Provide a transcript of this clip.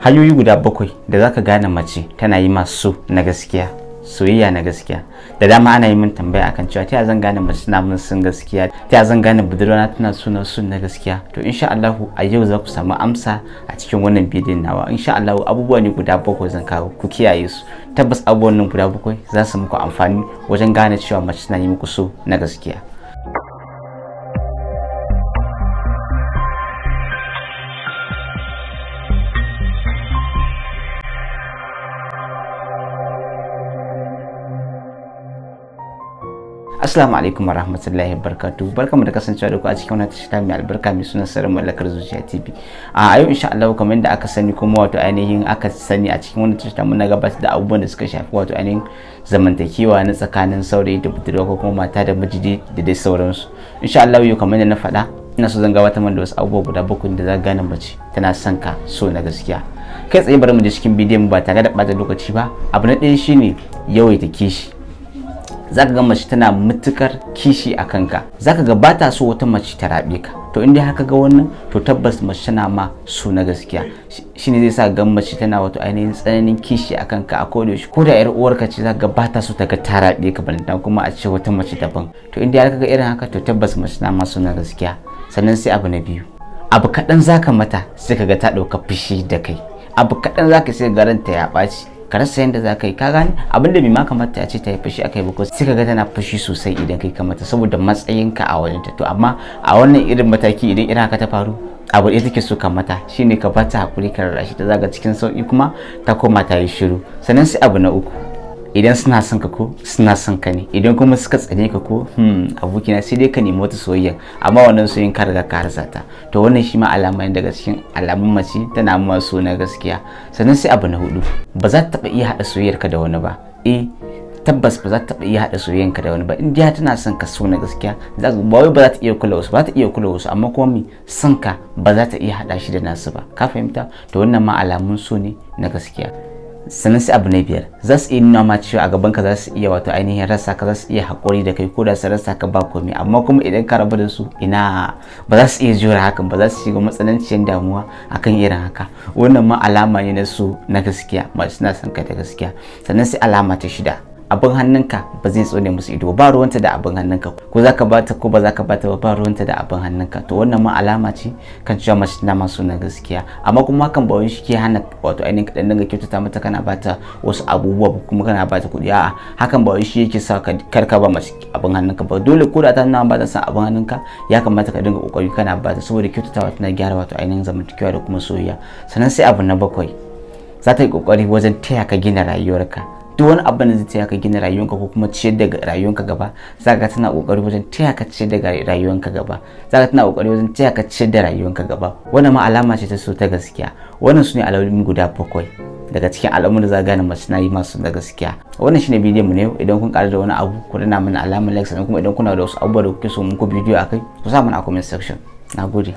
hanyoyi guda bakwai da zaka gane mace tana yi masu na gaskiya soyayya na gaskiya da dama ana yi min tambaya akan cewa ta zan gane mace tana min sun gaskiya ta zan gane budurwana tana suna su na gaskiya to insha Allah a yau za ku samu amsa a cikin wannan bidiyon nawa insha Allah abubuwa ne guda bakwai zan kawo ku kiyaye su tabbas abubuwan nan guda bakwai za su muku amfani wajen gane cewa mace tana yi muku so na gaskiya Assalamu alaikum warahmatullahi wabarakatuh. Barkamu da kasancewa da ku a cikin wannan tasha mai albarka mai sunan sirrin mallakar zuciya TV. A yau insha Allah kamar yadda aka sani kuma wato ainihin aka sani a cikin wannan tasha muna gabatar da abubuwan da suka shafi wato ainihin zamantakewa na tsakanin saurayi da budurwa ko kuma mata da miji da dai sauransu. Insha Allah yau kamar yadda na faɗa ina so zan gabatar da wasu abubuwa guda bakwai da za ka gane mace tana son ka so na gaskiya. Kai tsaye bari mu je cikin bidiyon ba tare da ɓata lokaci ba. Abu na ɗaya shine yawaita kishi. zaka ga mace tana matukar kishi a kanka zaka ga bata so wata mace ta rabe ka to in haka ga wannan to tabbas mace tana ma su na gaskiya shine zai sa ga mace tana wato ainihin tsananin kishi a kanka a koda shi ko da yar uwarka ce zaka ga bata so ta ga ta rabe ka balantan kuma a ce wata mace daban to in har haka ga irin haka to tabbas mace tana ma su na gaskiya sannan sai abu na biyu abu kaɗan zaka mata sai ka ga ta ɗauka fushi da kai abu kaɗan zaka sai garanta ya ɓaci ka rasa da za ka yi ka gane abinda bai ma kamata ya ce ta yi fushi akai ba ko sai ka ga tana fashi sosai idan kai kamata saboda matsayinka a wajen ta to amma a wannan irin mataki idan irin haka ta faru abu da take so ka mata shine ka bata hakuri ka rarrashi ta zaga cikin sauki kuma ta koma ta yi shiru sannan sai abu na uku idan suna son ka ko suna son ka ne idan kuma suka tsane ka ko hmm abokina sai dai ka nemi wata soyayya amma wannan soyayyen ka riga ka harzata ta to wannan shi ma alama ne daga cikin alamun mace tana ma so na gaskiya sannan sai abu na hudu ba za ta taba iya hada soyayyar ka da wani ba eh tabbas ba za ta taba iya hada soyayyar ka da wani ba in dai tana son ka so na gaskiya za ba wai ba za ta iya kula wasu ba za ta iya kula wasu amma kuma mi son ka ba za ta iya hada shi da nasu ba ka fahimta to wannan ma alamun so ne na gaskiya sannan sai abu na biyar za su iya nuna ma cewa a gaban ka za su iya wato ainihin rasa ka za su iya haƙuri da kai ko da su rasa ka ba komai amma kuma idan ka rabu da su ina ba za su iya jura hakan ba za su shiga matsananciyar damuwa akan irin haka wannan ma alama ne na su na gaskiya masu suna son ka da gaskiya sannan sai alama ta shida abin hannunka ba zai tsone musu ido ba ruwanta da abin hannunka ko za ka bata ko ba za ka bata ba ruwanta da abin hannunka to wannan ma alama ce kan cewa mace tana masu na gaskiya amma kuma hakan ba wani shi ke hana wato ainihin kaɗan dinga kyautata mata kana bata wasu abubuwa kuma kana bata kuɗi a'a hakan ba wani shi yake sa ka karka ba mace abin hannunka ba dole ko da ta nuna ba ta san abin hannunka ya kamata ka dinga kokari kana bata saboda kyautatawa tana gyara wato ainihin zamantakewa da kuma soyayya sannan sai abu na bakwai za ta yi kokari wajen taya ka gina rayuwarka duk wani abin da zai taya ka gina rayuwanka ko kuma ciyar da rayuwanka gaba za ka tana kokari wajen taya ka ciyar da rayuwanka gaba za ka tana kokari wajen taya ka ciyar da rayuwanka gaba wannan ma alama ce ta so ta gaskiya wannan su ne alamomi guda bakwai daga cikin al'amuran da za gane mace na yi masu da gaskiya wannan shine bidiyon mu ne idan kun ƙara da wani abu ku dana mana alamar like sannan kuma idan kuna da wasu abubuwa da kuke so ku bidiyo akai ku sa mana a comment section nagode